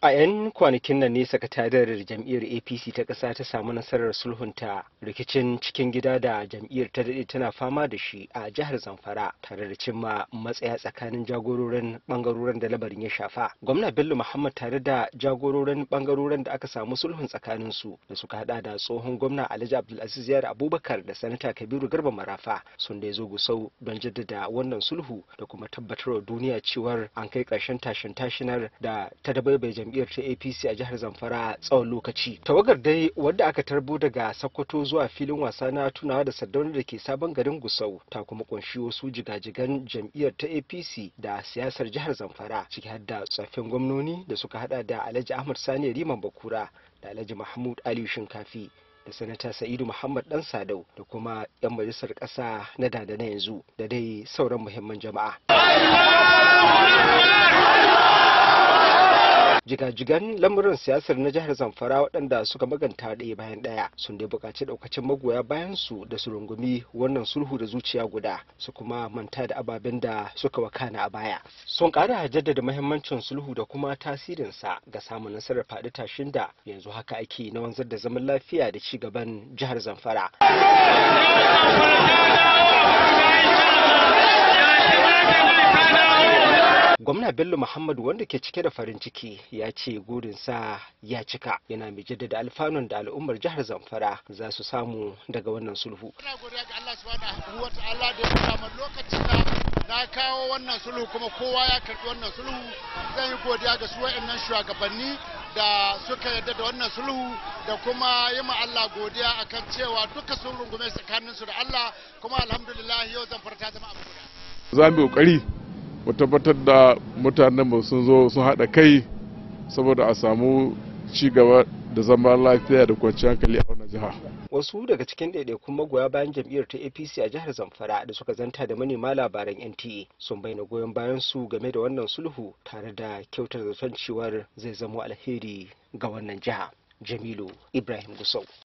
a 'yan kwanakin nan ne sakatariyar jam'iyyar apc ta ƙasa ta samu nasarar sulhunta rikicin cikin gida da jam'iyyar ta daɗe tana fama da shi a jihar zamfara tare da cimma matsaya tsakanin jagororin ɓangarorin da labarin ya shafa gwamna bello muhammad tare da jagororin ɓangarorin da aka samu sulhun tsakanin su da suka haɗa da tsohon gwamna alhaji abdulaziz yar abubakar da sanata kabiru garba marafa sun da zo gusau don jaddada wannan sulhu da kuma tabbatarwa duniya cewar an kai ƙarshen tashin tashinar da ta dabaibai jam'iyyar ta apc a jihar zamfara tsawon lokaci tawagar dai wadda aka tarbo daga sokoto zuwa filin wasa na tunawa da sardauna da ke sabon garin gusau ta kuma kunshi wasu jigajigan jam'iyyar ta apc da siyasar jihar zamfara ciki har da tsoffin gwamnoni da suka hada da alhaji ahmad sani riman bakura da alhaji mahmud aliyu shinkafi da sanata sa'idu muhammad dan sadau da kuma 'yan majalisar ƙasa na dada na yanzu da dai sauran muhimman jama'a jigajigan lamurin siyasar na jihar zamfara waɗanda suka maganta ɗaya bayan ɗaya sun dai buƙaci ɗaukacin magoya bayan su da su rungumi wannan sulhu da zuciya guda su kuma manta da ababen da suka wakana a baya sun ƙara jaddada mahimmancin sulhu da kuma tasirinsa ga samun nasarar faɗi tashin da yanzu haka ake na wanzar da zaman lafiya da ci gaban jihar zamfara gwamna bello muhammadu wanda ke cike da farin ciki ya ce sa ya cika yana mai jaddada alfanun da al'ummar jihar zamfara za su samu daga wannan sulhu na kawo wannan sulhu kuma kowa ya karbi wannan sulhu zan yi godiya ga su wa'annan shugabanni da suka yarda da wannan sulhu da kuma yi ma Allah godiya akan cewa duka sun rungume tsakaninsu da Allah kuma alhamdulillah yau zamfara ta zama abu guda za mu yi kokari mu tabbatar da mutanen ba sun zo sun haɗa kai saboda a samu ci gaba da zama lafiya da kwanciyar hankali a wannan jiha. Wasu daga cikin ɗaiɗaikun magoya bayan jam'iyyar ta APC a jihar Zamfara da suka zanta da manema labaran NTA sun bayyana goyon bayan su game da wannan sulhu tare da kyautar zaton cewar zai zamo alheri ga wannan jiha. Jamilu Ibrahim Gusau,